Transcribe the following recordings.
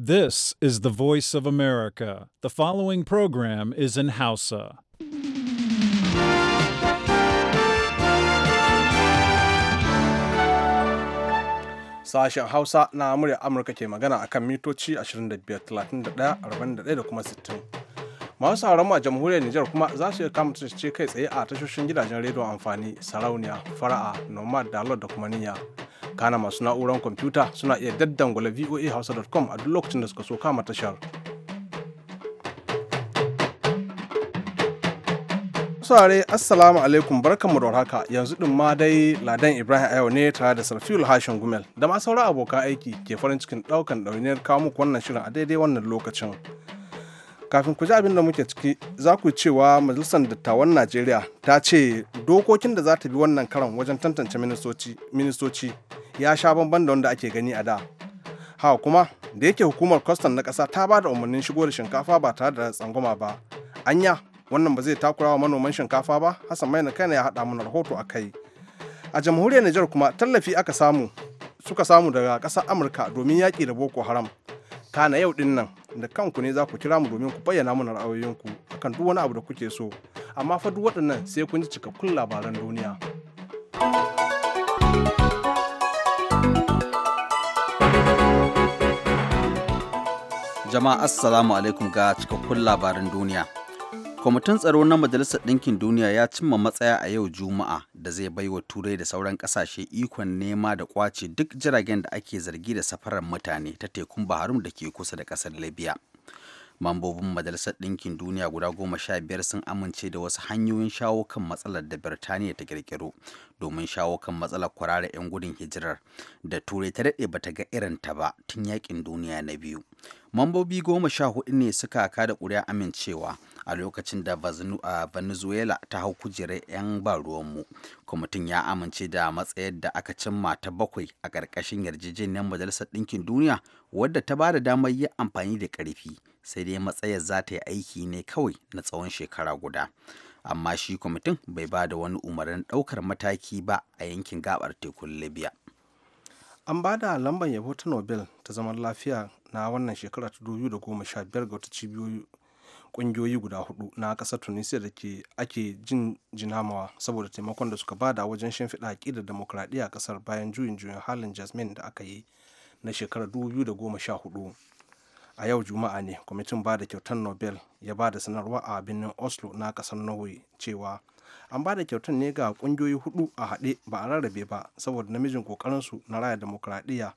This is the voice of America. The following program is in Hausa. Sashen Hausa na murya Amurka ke magana akan mitoci 25, 31, 41 da kuma 60. Masu sauranmu a jamhuriyar Nijar kuma za su iya kama ce kai tsaye a tashoshin gidajen rediyon amfani, sarauniya, fara'a, nomad, dalot da kuma niyya. kana masu na'urar kwamfuta suna iya daddangula voahausa.com a duk lokacin da suka so kama tashar. Sare assalamu alaikum barkanmu da haka yanzu din ma dai ladan ibrahim ayo ne tare da sarfil hashin gumel da ma sauran abokan aiki ke farin cikin daukan ɗauniyar kawo muku wannan shirin a daidai wannan lokacin kafin ku ji abin da muke ciki za ku cewa majalisar dattawan najeriya ta ce dokokin da za ta bi wannan karan wajen tantance ministoci ya sha bamban da wanda ake gani a da ha kuma da yake hukumar kwastan na ƙasa ta ba da umarnin shigo da shinkafa ba tare da tsangwama ba anya wannan ba zai takura wa manoman shinkafa ba hassan mai na kai ya haɗa mana rahoto a kai a jamhuriyar nijar kuma tallafi aka samu suka samu daga ƙasar amurka domin yaƙi da boko haram kana yau ɗin nan da kanku ne za ku kira mu domin ku bayyana mana ra'ayoyinku akan duk wani abu da kuke so amma fa duk waɗannan sai kun ji cikakkun labaran duniya jama'a assalamu alaikum ga cikakkun labaran duniya kwamitin tsaro na majalisar ɗinkin duniya ya cimma matsaya a yau juma'a da zai baiwa turai da sauran ƙasashe ikon nema da kwace duk jiragen da ake zargi da safarar mutane ta tekun baharum da ke kusa da ƙasar libya mambobin majalisar ɗinkin duniya guda goma sha biyar sun amince da wasu hanyoyin shawo kan matsalar da birtaniya ta kirkiro domin shawo kan matsalar kwarara 'yan gudun hijirar da turai ta daɗe bata ga irin ta ba tun yakin duniya na biyu mambobi goma sha hudu ne suka kada ƙuri'a amincewa a lokacin da venezuela ta hau kujerar 'yan ba ruwanmu kwamitin ya amince da matsayar da aka cimma ta bakwai a ƙarƙashin yarjejeniyar majalisar ɗinkin duniya wadda ta ba da damar yin amfani da ƙarfi sai dai matsayar za ta yi aiki ne kawai na tsawon shekara guda amma shi kwamitin bai ba da wani umarnin ɗaukar mataki ba a yankin gabar tekun libya an ba da lambar yabo ta nobel ta zaman lafiya na wannan shekara ta 2015 ga wata cibiyoyi kungiyoyi guda hudu na kasar tunisia da ke ake jin jinamawa saboda taimakon da suka bada wajen shimfiɗa aƙidar demokradiyya a kasar bayan juyin juyin halin jasmine da aka yi na shekarar 2014 a yau juma'a ne kwamitin ba da kyautar nobel ya ba da sanarwa a birnin oslo na kasar norway cewa an ba da kyautar ne ga kungiyoyi hudu a haɗe ba a rarrabe ba saboda namijin kokarin su na raya demokuraɗiyya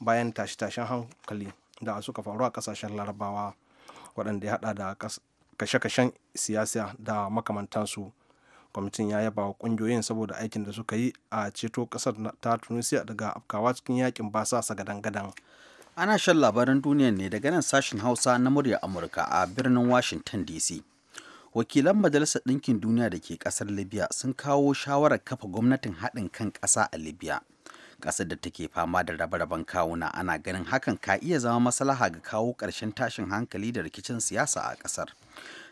bayan tashe-tashen hankali da suka faru a kasashen larabawa waɗanda ya haɗa da kashe-kashen siyasa da makamantansu kwamitin ya yaba wa kungiyoyin saboda aikin da suka yi a ceto kasar ta tunisia daga afkawa cikin yakin basasa gadan-gadan Ana shan labaran duniya ne daga nan sashen Hausa na muryar Amurka a birnin Washington DC. Wakilan Majalisar Ɗinkin Duniya da ke ƙasar Libya sun kawo shawarar kafa gwamnatin haɗin kan ƙasa a Libya. Ƙasar da take fama da rabe-raben kawuna ana ganin hakan ka iya zama maslaha ga kawo ƙarshen tashin hankali da rikicin siyasa a ƙasar.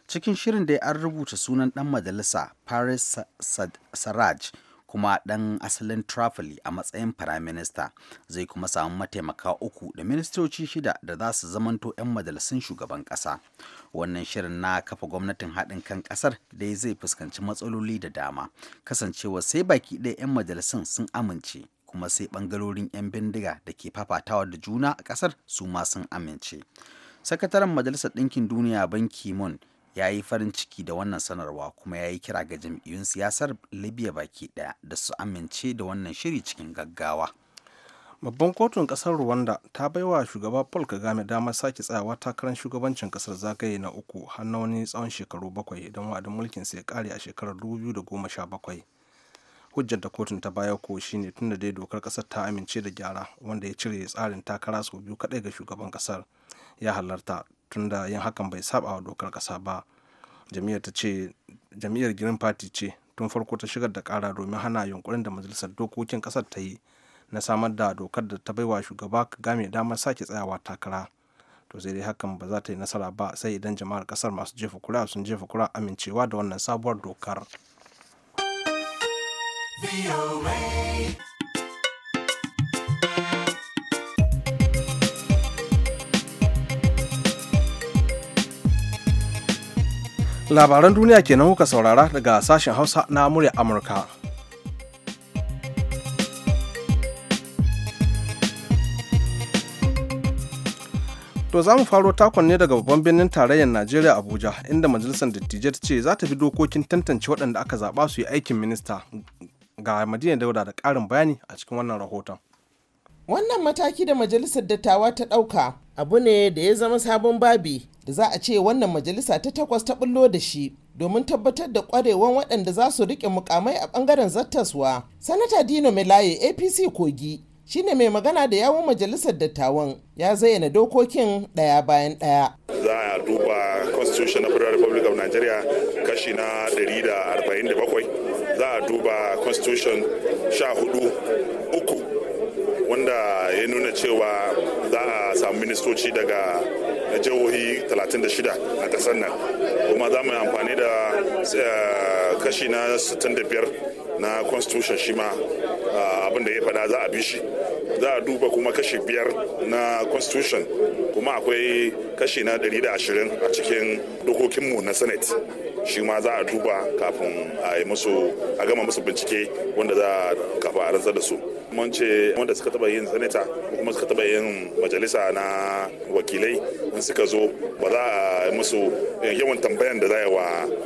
Cikin shirin dai an rubuta sunan ɗan majalisa Paris -sa Sa kuma ɗan asalin Tripoli a matsayin Prime Minister zai kuma samu mataimaka uku da ministoci shida da za su zamanto 'yan majalisun shugaban ƙasa. Wannan shirin na kafa gwamnatin haɗin kan ƙasar dai zai fuskanci matsaloli da dama, kasancewa sai baki ɗaya 'yan majalisun sun amince kuma sai ɓangarorin 'yan bindiga da ke fafatawa da juna a ƙasar su ma sun amince. Sakataren Majalisar Ɗinkin Duniya Ban Mun. ya yi farin ciki da wannan sanarwa kuma ya yi kira ga jam'iyyun siyasar libya baki daya da su amince da wannan shiri cikin gaggawa babban kotun kasar rwanda ta baiwa shugaba paul kagame damar sake tsayawa takarar shugabancin kasar zagaye na uku har wani tsawon shekaru bakwai idan wa'adin mulkin sai kare a shekarar 2017 hujjar da kotun ta baya ko shine tunda dai dokar kasar ta amince da gyara wanda ya cire tsarin takara sau biyu kadai ga shugaban kasar ya halarta tunda yin hakan bai saba wa dokar ƙasa ba jam'iyyar ta ce jami'ar green party ce tun farko ta shigar da kara domin hana yunkurin da majalisar dokokin ƙasar ta yi na samar da dokar da ta baiwa shugaba game damar sake tsayawa takara to sai dai hakan ba za ta yi nasara ba sai idan jama'ar kasar masu jefa kura sun jefa kura amincewa da wannan sabuwar dokar labaran duniya kenan kuka saurara daga sashen hausa na murya amurka To za mu faro takon ne daga babban birnin tarayyar Najeriya Abuja inda majalisar dattijai ta ce za ta bi dokokin tantance waɗanda aka zaɓa su yi aikin minista ga Madina Dauda da ƙarin bayani a cikin wannan rahoton. Wannan mataki da majalisar dattawa ta ɗauka abu ne da ya zama sabon babi da za a ce wannan majalisa ta takwas ta bullo da shi domin tabbatar da kwarewan waɗanda za su rike mukamai a ɓangaren zattaswa. Sanata Dino Melaye APC Kogi shine mai magana da yawon majalisar dattawan ya zayyana dokokin ɗaya bayan ɗaya. Za a duba Constitution na Federal Republic of Nigeria kashi na 147 za a duba Constitution 14 uku wanda ya nuna cewa za a samu ministoci daga jihohi 36 a kasar nan kuma za mu yi amfani da eh, kashi na 65 na constitution shi ma eh, abin da ya faɗa za a bi shi za a duba kuma kashi biyar na constitution kuma akwai kashi na 120 a cikin dokokinmu na senate shi ma za a duba kafin a yi musu a gama musu bincike wanda za a kafa a rantsar da su mun ce wanda suka taba yin sanita ko kuma suka taba yin majalisa na wakilai in suka zo ba za a musu yawan tambayan da za a yi wa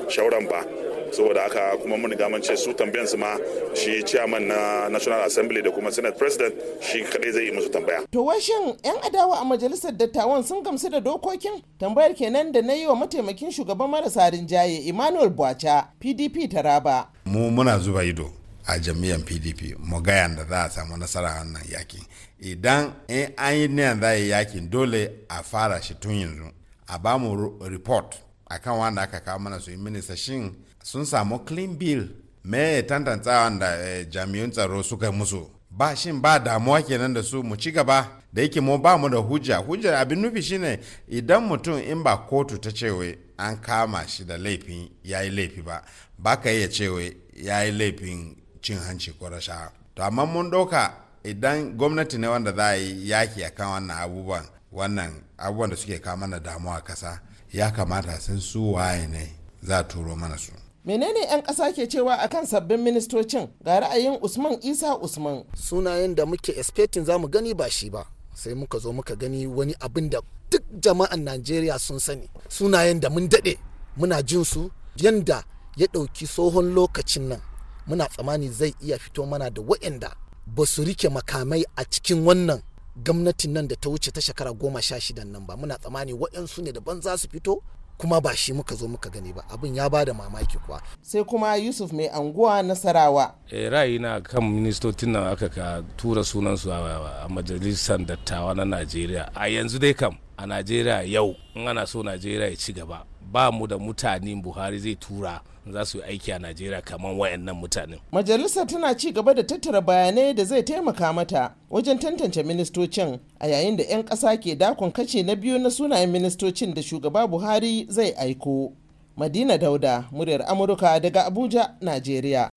shauran ba saboda haka kuma mun riga mun su tambayan su ma shi chairman na National Assembly da kuma Senate President shi kadai zai yi musu tambaya. To washin 'yan adawa a majalisar dattawan sun gamsu da dokokin tambayar kenan da na yi wa mataimakin shugaban marasa rinjaye Emmanuel Bwacha PDP Taraba. Mu muna zuba ido a jami'an pdp mu ga da za a samu nasara a wannan yakin idan an yi niyan za yi yakin dole a fara shi tun yanzu a ba mu report akan wanda aka kawo mana su yi minista shin sun samu clean bill me tsawon da eh, jami'un tsaro suka musu ba shin ba damuwa kenan da su mu ci gaba da yake mu ba mu da hujja hujja abin nufi shine idan mutum in ba kotu ta cewe an kama shi da laifin ya yi laifi ba ba ka iya cewe ya yi laifin cin hanci ko rasha to amma mun doka idan gwamnati ne wanda za a yi yaki kan wannan abubuwan wannan abubuwan da suke kama mana damuwa kasa ya kamata sun su waye ne za turo mana su menene 'yan ƙasa ke cewa akan sabbin ministocin ga ra'ayin usman isa usman sunayen da muke expecting za mu gani ba shi ba sai muka zo muka gani wani abin da duk jama'an najeriya sun sani sunayen da mun daɗe muna jin su yadda ya ɗauki tsohon lokacin nan muna tsammani zai iya fito mana da waɗanda ba su rike makamai a cikin wannan gwamnatin nan da ta wuce ta shekara goma sha shidan nan ba muna tsammani waɗansu ne daban za su fito kuma ba shi muka zo muka gani ba abin ya bada mamaki kuwa sai kuma yusuf mai anguwa nasarawa e, eh, ra'ayi na kan ministocin nan aka ka tura sunansu a majalisar dattawa na najeriya a yanzu dai kam a najeriya yau in ana so najeriya ya ci gaba ba mu da mutane buhari zai tura za su yi aiki a najeriya kamar wayannan mutanen majalisar tana ci gaba da tattara bayanai da zai taimaka mata wajen tantance ministocin a yayin da 'yan ƙasa ke dakon kace na biyu na sunayen ministocin da shugaba buhari zai aiko madina dauda muryar amurka daga abuja najeriya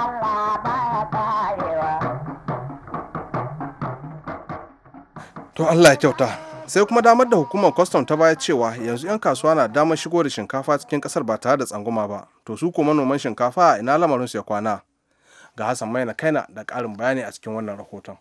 Allah baya karewa. to allah ya kyauta sai kuma damar da hukumar kwastam ta baya cewa yanzu 'yan kasuwa na damar shigo da shinkafa cikin kasar ba tare da tsanguma ba to su kuma manoman shinkafa a ina su ya kwana ga hassan maina kaina da ƙarin bayani a cikin wannan rahoton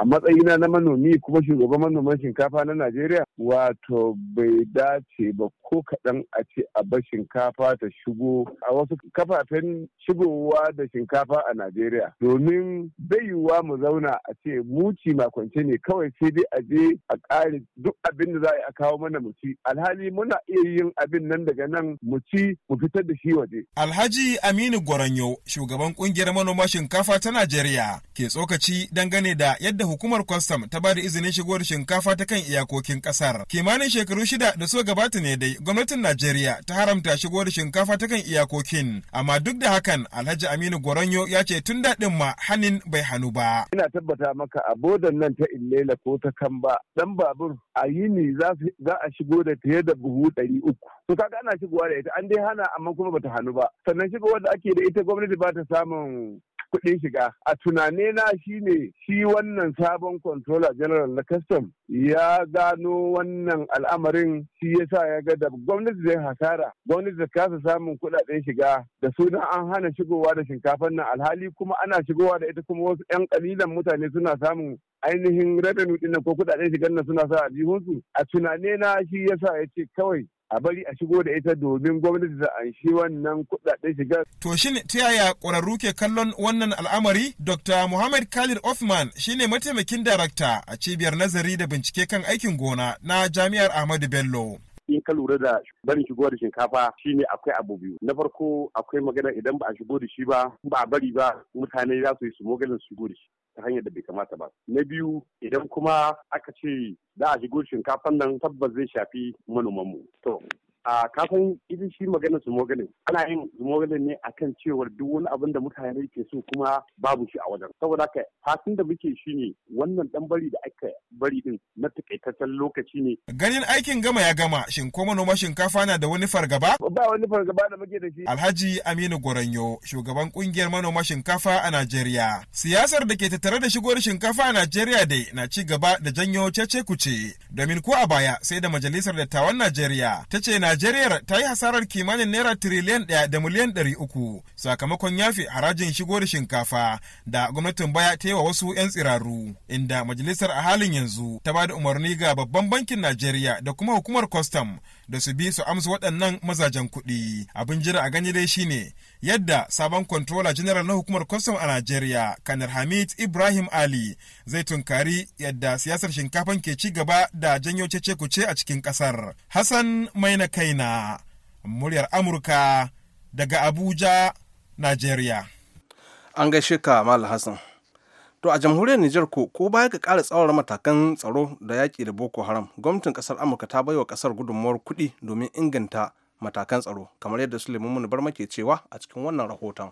a matsayina na manomi kuma shugaban manoman shinkafa na najeriya wato bai dace ba ko kaɗan a ce a bar shinkafa ta shigo a wasu kafafen shigowa da shinkafa a najeriya domin bai yiwuwa mu zauna a ce mu ci makwance ne kawai sai dai a je a ƙare duk abin da za a kawo mana mu ci alhali muna iya yin abin nan daga nan mu ci mu fitar da shi waje alhaji aminu gwaranyo shugaban kungiyar manoma shinkafa ta najeriya ke tsokaci dangane da yadda hukumar kwastam ta ba da izinin shigowar shinkafa ta kan iyakokin kasar. Kimanin shekaru shida da suka gabata ne dai gwamnatin Najeriya ta haramta shigowar shinkafa ta kan iyakokin. Amma duk da hakan Alhaji Aminu Goronyo ya ce tun daɗin ma hanin bai hannu ba. Ina tabbata maka a bodan nan ta Illela ko ta Kamba dan babur a yini za a shigo da fiye da buhu ɗari uku. To kaga ana shigowa da ita an dai hana amma kuma bata hannu ba. Sannan shigowar da ake da ita gwamnati ba ta samun kuɗin shiga a tunane na shine shi wannan sabon controller general na custom ya gano wannan al'amarin shi yasa ya ga da gwamnati zai hasara gwamnati da kasa samun kuɗaɗen shiga da suna an hana shigowa da shinkafar nan alhali kuma ana shigowa da ita kuma wasu 'yan kalilan mutane suna samun ainihin revenue ɗin ko kuɗaɗen shigar nan suna sa a jihunsu a tunane na shi yasa ya ce kawai a bari a shigo da ita domin gwamnati ta anshi wannan kudaden shiga. To shin ta yaya ƙwararru ke kallon wannan al'amari? Dr. Muhammad Khalid Othman shine mataimakin darakta a cibiyar nazari da bincike kan aikin gona na Jami'ar Ahmadu Bello. in ka lura da barin shigo da shinkafa shine akwai abu biyu na farko akwai magana idan ba a shigo da shi ba ba a bari ba mutane za su yi su su shigo da shi ta hanyar da bai kamata ba na biyu idan kuma aka ce za a shigo shinkafan nan tabbas zai shafi manomanmu to a kafin idan shi magana ana yin smogalin ne akan cewar duk wani abin da mutane ke so kuma babu shi a wajen saboda haka fasin da muke shi ne wannan dan bari da aka bari din na takaitaccen lokaci ne ganin aikin gama ya gama shin ko manoma shinkafa na da wani fargaba ba wani fargaba da muke da shi Alhaji Aminu Goranyo shugaban kungiyar manoma shinkafa a Najeriya siyasar da ke tattare da shigowar shinkafa a Najeriya dai na ci gaba da janyo cece kuce domin ko a baya sai da majalisar dattawan Najeriya ta ce na Najeriya ta yi hasarar kimanin naira tiriliyan ɗaya da miliyan ɗari uku sakamakon yafi harajin shigo da shinkafa da gwamnatin baya ta yi wa wasu 'yan tsiraru inda majalisar a halin yanzu ta ba da umarni ga babban bankin Najeriya da kuma hukumar kwastam da su bi su amsa waɗannan mazajen kuɗi. Abin jira a gani dai shine yadda sabon controller general na hukumar kwastam a Najeriya, Kanar Hamid Ibrahim Ali zai tunkari yadda siyasar shinkafan ke ci gaba da janyo cece kuce a cikin kasar. Hassan Maina Kaina, muryar Amurka daga Abuja, Najeriya. An gaishe ka Mal Hassan. To a jamhuriyar Nijar ko ko baya ga ƙara tsawon matakan tsaro da yaƙi da Boko Haram, gwamnatin ƙasar Amurka ta baiwa ƙasar gudunmuwar kuɗi domin inganta matakan tsaro kamar yadda suleiman munu bar ke cewa a cikin wannan rahoton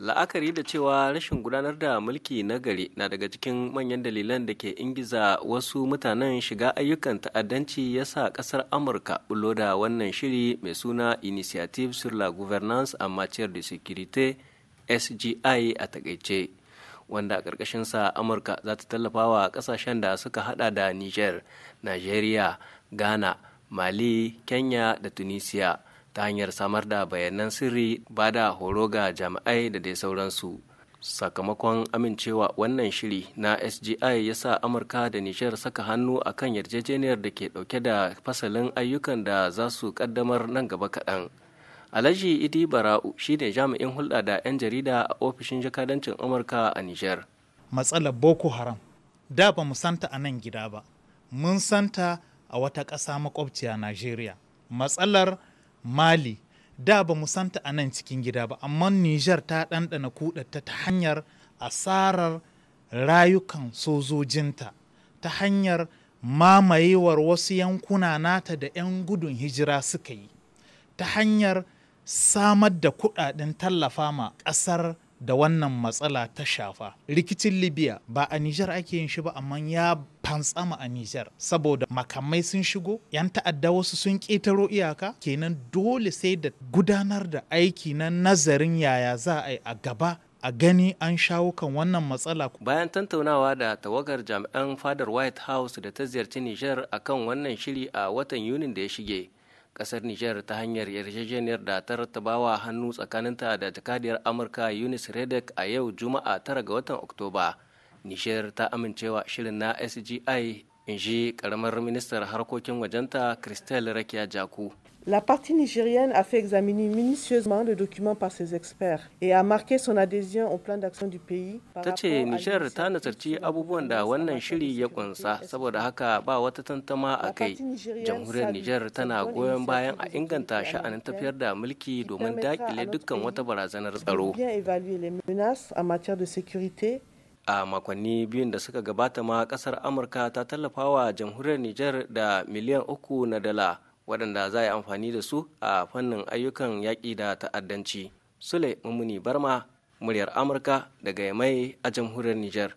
la'akari da cewa rashin gudanar da mulki na gari na daga cikin manyan dalilan da ke ingiza wasu mutanen shiga ayyukan ta'addanci ya sa kasar amurka bulo da wannan shiri mai suna initiative sur la gouvernance en matière de sécurité sgi a takaice wanda a ƙarƙashin sa amurka za ta tallafa wa ƙasashen da suka hada da niger nigeria ghana mali kenya da tunisia ta hanyar samar da bayanan sirri ba da horo ga jami'ai da dai sauransu sakamakon amincewa wannan shiri na sgi ya sa amurka da nishar saka hannu a kan yarjejeniyar da ke dauke da fasalin ayyukan da za su kaddamar nan gaba kaɗan alhaji idi bara'u shine jami'in hulɗa da 'yan jarida a ofishin jakadancin amurka a nijar matsalar boko haram da ba mu santa a nan gida ba mun santa a wata ƙasa makwabciya Najeriya. Matsalar Mali da ba santa a nan cikin gida ba, amma Nijar ta ɗanɗana kuɗata ta hanyar asarar rayukan sojojinta, ta hanyar mamayewar wasu yankuna nata da 'yan gudun hijira suka yi, ta hanyar samar da kuɗaɗen tallafa ma ƙasar da wannan matsala ta shafa rikicin libya ba a nijar ake yin shi ba amma ya fantsama a nijar saboda makamai sun shigo 'yan ta'adda wasu sun ƙetaro iyaka kenan dole sai da gudanar da aiki na nazarin yaya za a yi a gaba a gani an shawo kan wannan matsala. Bayan tantaunawa da tawagar jami'an fadar White House da ta ziyarci Nijar akan wannan shiri a watan Yunin da ya shige, kasar niger ta hanyar yarjejeniyar da ta rattabawa hannu tsakaninta da jakadiyar amurka yunis redek a yau juma'a 9 ga watan oktoba niger ta amincewa shirin na sgi in ji karamar ministar harkokin wajenta christelle rakiya jaku La partie nigérienne a fait examiner minutieusement le document par ses experts et a marqué son adhésion au plan d'action du pays. Ta ce Nijar ta nazarci abubuwan da wannan shiri ya kunsa saboda haka ba wata tantama a kai. Jamhuriyar Nijar tana goyon bayan a inganta sha'anin tafiyar da mulki domin dakile dukkan wata barazanar tsaro. Bien évaluer les menaces en matière de sécurité a makonni biyun da suka gabata ma kasar amurka ta tallafa wa jamhuriyar niger da miliyan uku na dala waɗanda za a yi amfani da su a fannin ayyukan yaƙi da ta'addanci sule mummuni barma muryar amurka daga mai a jamhuriyar niger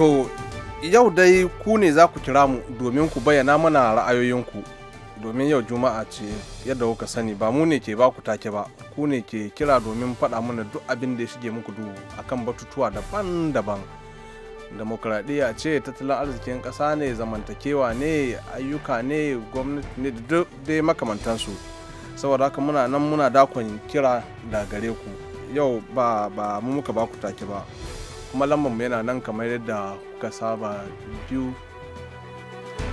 To, yau dai ku ne za ku kira mu domin ku bayyana mana ra'ayoyinku. Domin yau Juma'a ce yadda kuka sani ba mu ne ke ba ku take ba, ku ne ke kira domin faɗa mana duk abin da ya shige muku duhu akan batutuwa daban-daban. Demokradiyya ce, tattalin arzikin ƙasa ne, zamantakewa ne, ayyuka ne, gwamnati ne da dai makamantansu. Saboda haka muna nan muna dakon kira da gare ku. Yau ba ba mu muka ba ku take ba. kuma lamban yana nan kamar yadda kuka saba biyu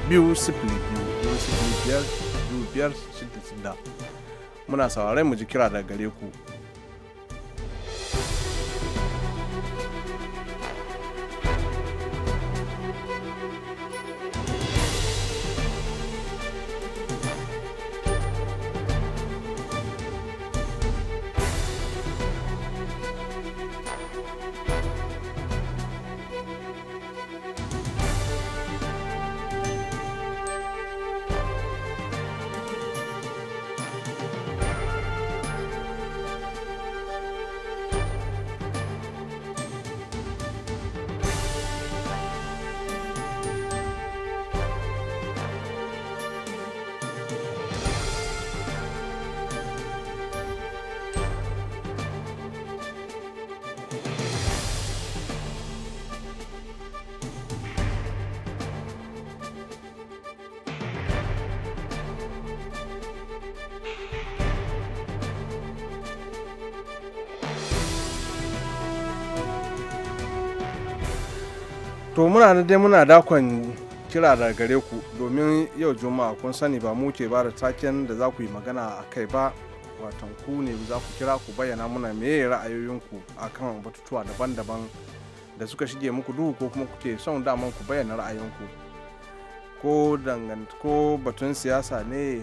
biyu sifili biyu sifili biyar biyu biyar muna sauraron mu ji kira daga gare ku to muna na dai muna dakon kira da gare ku domin yau juma'a kun sani ba mu ke ba da taken da za ku yi magana a kai ba watan ku ne za ku kira ku bayyana muna meye ra'ayoyinku kan batutuwa daban-daban da suka shige muku duhu ko kuma kuke son daman ku bayyana ra'ayinku ko ko batun siyasa ne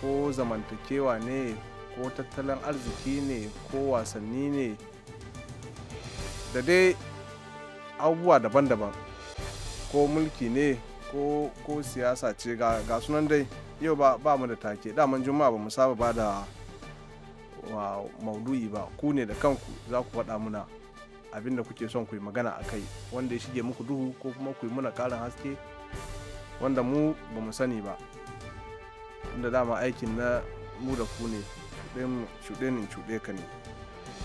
ko zamantakewa ne ko tattalin arziki ne ko wasanni ne da dai abubuwa daban-daban ko mulki ne ko siyasa ce ga sunan dai yau ba mu da take daman juma'a ba mu saba ba da wa maudu'i ba ku ne da kanku za ku faɗa muna abin da kuke son ku yi magana a kai wanda ya shige muku duhu ko kuma ku yi muna ƙarin haske wanda mu ba mu sani ba inda dama aikin na mu da ku ne shuɗe ni shuɗe ka ne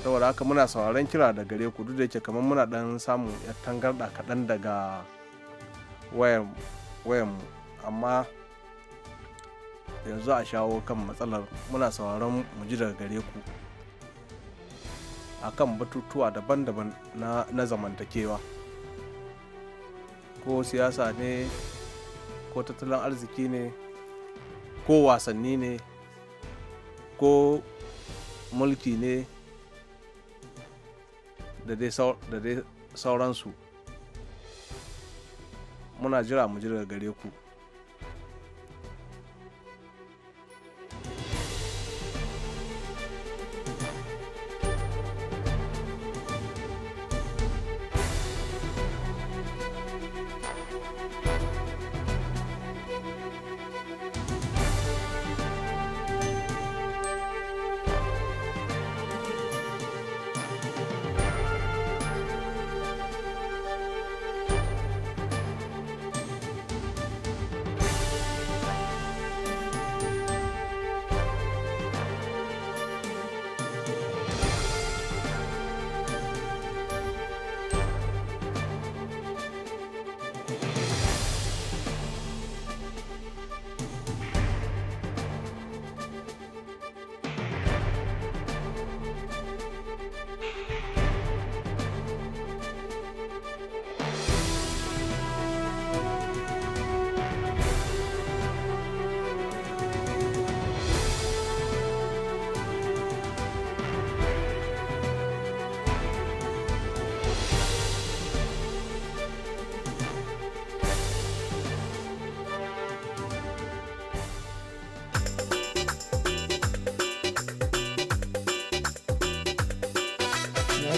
saboda haka muna sauraron kira da gare ku duk da yake kamar muna ɗan samun tangarɗa kaɗan daga wayanmu amma yanzu a shawo kan matsalar muna sauraron mu ji daga gare ku a kan batutuwa daban-daban na zamantakewa ko siyasa ne ko tattalin arziki ne ko wasanni ne ko mulki ne da dai sauransu muna jira mu ji gare ku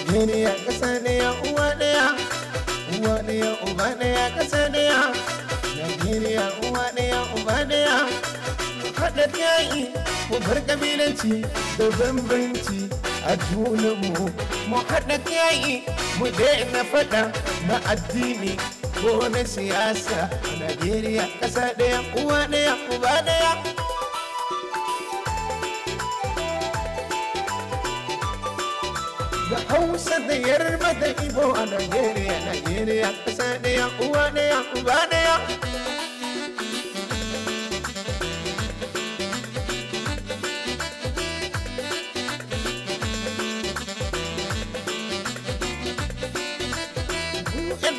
Najeriya ƙasa ya uwa ɗaya, uwa ɗaya uba ɗaya ƙasa ya. Najeriya uwa ɗaya uba ɗaya. Mu haɗa yayi mu bar ƙabilanci da bambanci a junanmu. Mu haɗa yayi mu daina faɗa na addini ko na siyasa. Najeriya ƙasa ɗaya uwa ɗaya uba ɗaya. hausa da yarba da ibo a nigeria nigeria ƙasa ɗaya uwa ɗaya uba ɗaya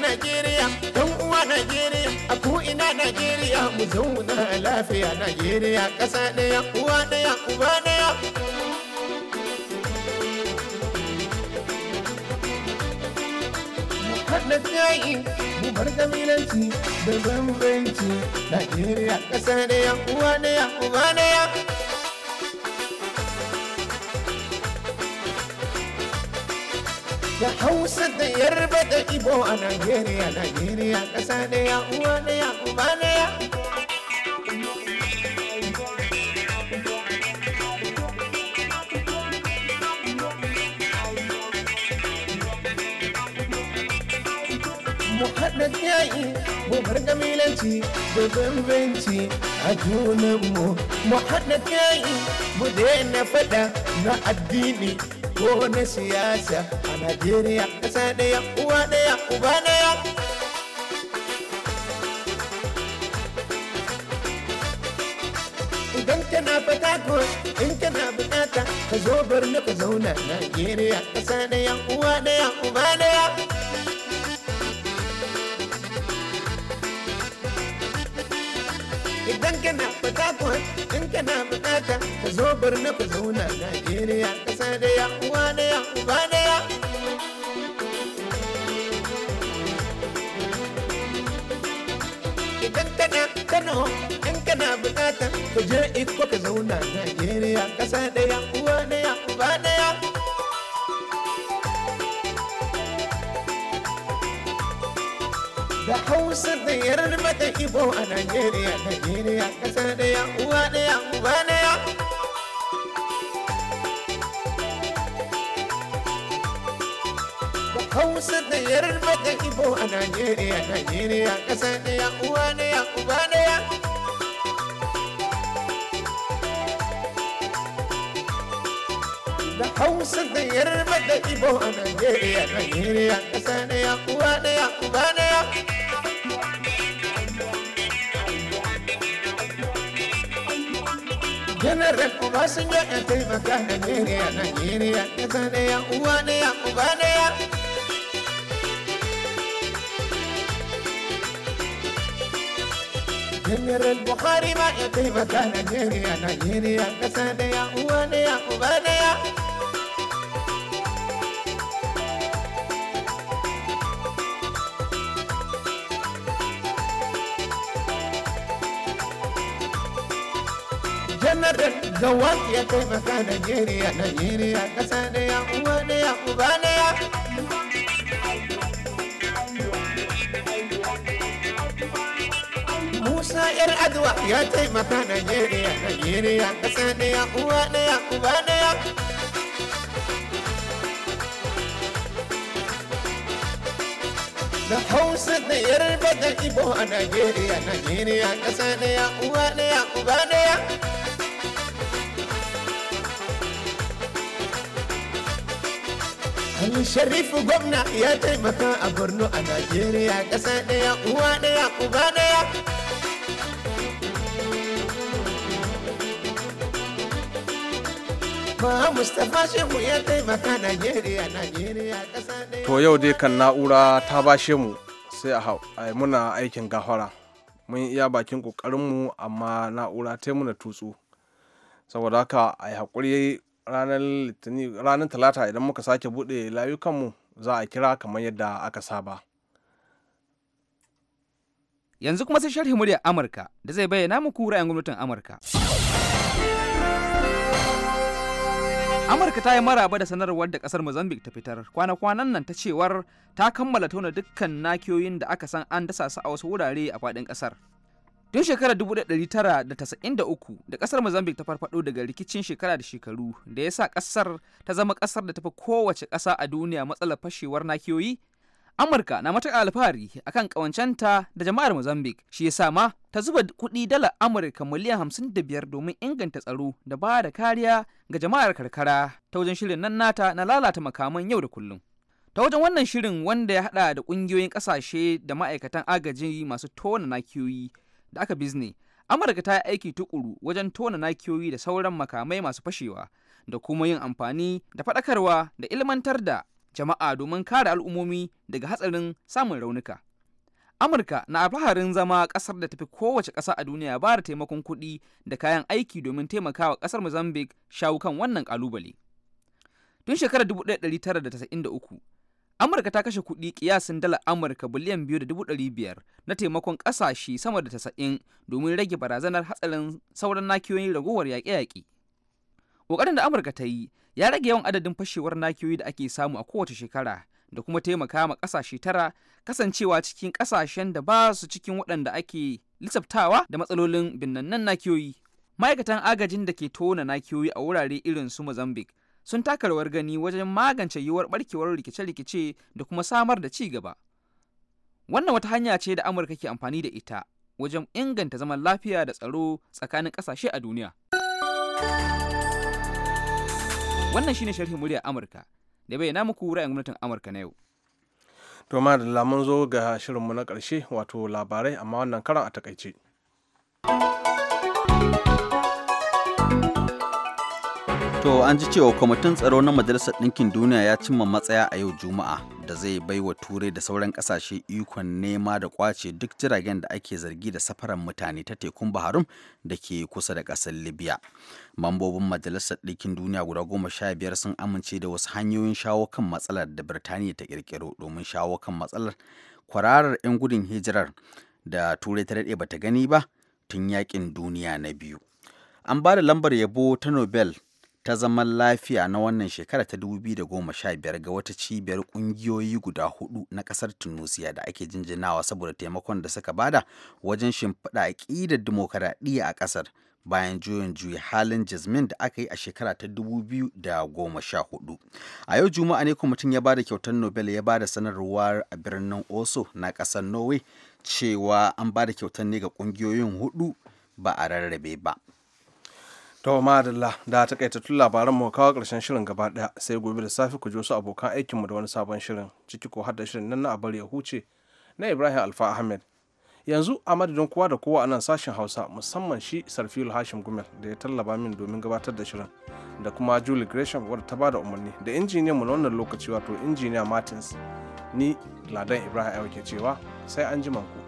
Najeriya, uwa Najeriya, a ko'ina Najeriya, mu zauna lafiya Najeriya, ƙasa ɗaya, uwa ɗaya, uba ɗaya. na tsayi mu bar kabilanci da bambanci Najeriya ƙasa da ya uwa da ya uba da ya Da Hausa da Yarba da Ibo a Najeriya, Najeriya ƙasa da ya uwa da ya uba da ya yayi mu bar kabilanci da bambanci a junanmu mu haɗa kai mu daina faɗa na addini ko na siyasa a Najeriya ƙasa ɗaya uwa ɗaya uba ɗaya. Idan kana fata ko in kana bukata ka zo bar na ka zauna Najeriya ƙasa ɗaya uwa ɗaya uba ɗaya. in kana fata ku in kana bukata ka zo barna ku zauna Najeriya kasa daya uwa daya uba daya idan kana Kano in kana bukata ka je iko ka zauna Najeriya kasa daya uwa daya uba daya da hausa da yarba mata ibo a najeriya najeriya kasa daya uwa daya uba daya da hausa da yarba mata ibo a najeriya najeriya kasa daya uwa daya uba daya da hausa da yarba da ibo a najeriya najeriya kasa daya uwa daya uba daya sharrin uba sun yi ya taimaka Najeriya Najeriya ƙasa ɗaya uwa ɗaya uba ɗaya. Jami'ar Bukhari ma ya taimaka Najeriya Najeriya ƙasa ɗaya uwa ɗaya uba ɗaya. ga wasu ya kai baka Najeriya, Najeriya ƙasa da ya uwa da ya uba da ya. Musa ‘yar Adwa ya taimaka Najeriya, Najeriya ƙasa da ya uwa da ya uba da ya. Da Hausa da Yarba da Ibo a Najeriya, Najeriya ƙasa da ya uwa da ya uba da ya. sharifu gwamna ya taimaka a borno a najeriya ƙasa ɗaya uwa ɗaya uba ɗaya To yau dai kan na'ura ta bashe mu sai a muna aikin gafara. Mun iya bakin ƙoƙarinmu amma na'ura ta muna tutsu. Saboda haka a yi haƙuri ranar ranar talata idan muka sake buɗe layukanmu za a kira kamar yadda aka saba. Yanzu kuma sai sharhi muryar Amurka da zai bayyana muku ra'ayin gwamnatin Amurka. Amurka ta yi maraba da sanarwar da kasar Mozambique ta fitar kwana-kwanan nan ta cewar ta kammala tona dukkan nakiyoyin da aka san an dasa su a wasu wurare a faɗin ƙasar. Tun shekarar 1993 da kasar Mozambique ta farfado daga rikicin shekara da shekaru da ya sa kasar ta zama kasar da tafi kowace kasa a duniya matsalar fashewar nakiyoyi Amurka na matuƙa alfahari akan ƙawancenta da jama'ar Mozambique shi ya sa ma ta zuba kuɗi dala Amurka miliyan hamsin da biyar domin inganta tsaro da ba da kariya ga jama'ar karkara ta wajen shirin nan nata na lalata makaman yau da kullum. Ta wajen wannan shirin wanda ya haɗa da ƙungiyoyin ƙasashe da ma'aikatan agaji masu tona nakiyoyi da aka bizne amurka ta yi aiki tukuru wajen tona nakiyoyi da sauran makamai masu fashewa da kuma yin amfani da faɗakarwa da ilmantar da jama'a domin kare al'ummomi daga hatsarin samun raunuka amurka na alfaharin zama ƙasar da tafi kowace ƙasa a duniya ba da taimakon kuɗi da kayan aiki domin taimakawa ƙasar mozambique shawo kan wannan ƙalubale tun shekarar 1993 Amurka ta kashe kuɗi kiyasin dalar Amurka biliyan biyu da dubu ɗari biyar na taimakon ƙasashe sama da tasa'in domin rage barazanar hatsarin sauran nakiyoyin ragowar yaƙe-yaƙe. Ƙoƙarin da Amurka ta yi ya rage yawan adadin fashewar nakiyoyi da ake samu a kowace shekara da kuma taimaka ma ƙasashe tara kasancewa cikin ƙasashen da ba su cikin waɗanda ake lissaftawa da matsalolin binnannan nakiyoyi. Ma'aikatan agajin da ke tona nakiyoyi a wurare irin su Mozambique sun taka rawar gani wajen magance yiwuwar barkewar rikice-rikice da kuma samar da ci gaba. Wannan wata hanya ce da Amurka ke amfani da ita wajen inganta zaman lafiya da tsaro tsakanin ƙasashe a duniya. Wannan shine sharhin muryar Amurka da bayyana muku ra'ayin gwamnatin Amurka na yau. To ma da lamun zo ga shirin mu na ƙarshe wato labarai amma wannan karan a takaice. To an ji cewa kwamitin tsaro na Majalisar Ɗinkin Duniya ya cimma matsaya a yau Juma'a da zai bai wa Turai da sauran ƙasashe ikon nema da ƙwace duk jiragen da ake zargi da safaran mutane ta tekun Baharum da ke kusa da ƙasar Libya. Mambobin Majalisar Ɗinkin Duniya guda goma sha biyar sun amince da wasu hanyoyin shawo kan matsalar da Birtaniya ta ƙirƙiro domin shawo kan matsalar kwararar 'yan gudun hijirar da Turai ta daɗe bata gani ba tun yaƙin duniya na biyu. An ba da lambar yabo ta Nobel ta zaman lafiya na wannan shekara ta 2015 ga wata cibiyar kungiyoyi guda hudu na kasar tunisia da ake jinjinawa saboda taimakon da suka bada wajen shimfiɗa aƙidar dimokuraɗiyya a ƙasar bayan juyin juyi halin jasmin da aka yi a shekara ta 2014 a yau juma'a ne kwamitin ya bada kyautar nobel ya bada sanarwar a birnin oso na ƙasar norway cewa an bada kyautar ne ga ƙungiyoyin hudu ba a rarrabe ba wa madalla da ta tun labaran mu kawo ƙarshen shirin gaba ɗaya sai gobe da safe ku je wasu abokan aikinmu da wani sabon shirin ciki ko hada shirin nan na abar ya huce na Ibrahim Alfa Ahmed. Yanzu a madadin kowa da kowa a nan sashen Hausa musamman shi Sarfil Hashim Gumel da ya tallaba min domin gabatar da shirin da kuma Julie Gresham wadda ta bada umarni da injiniyan mu na wannan lokaci wato injiniya Martins ni Ladan Ibrahim Ayo ke cewa sai an ji ku.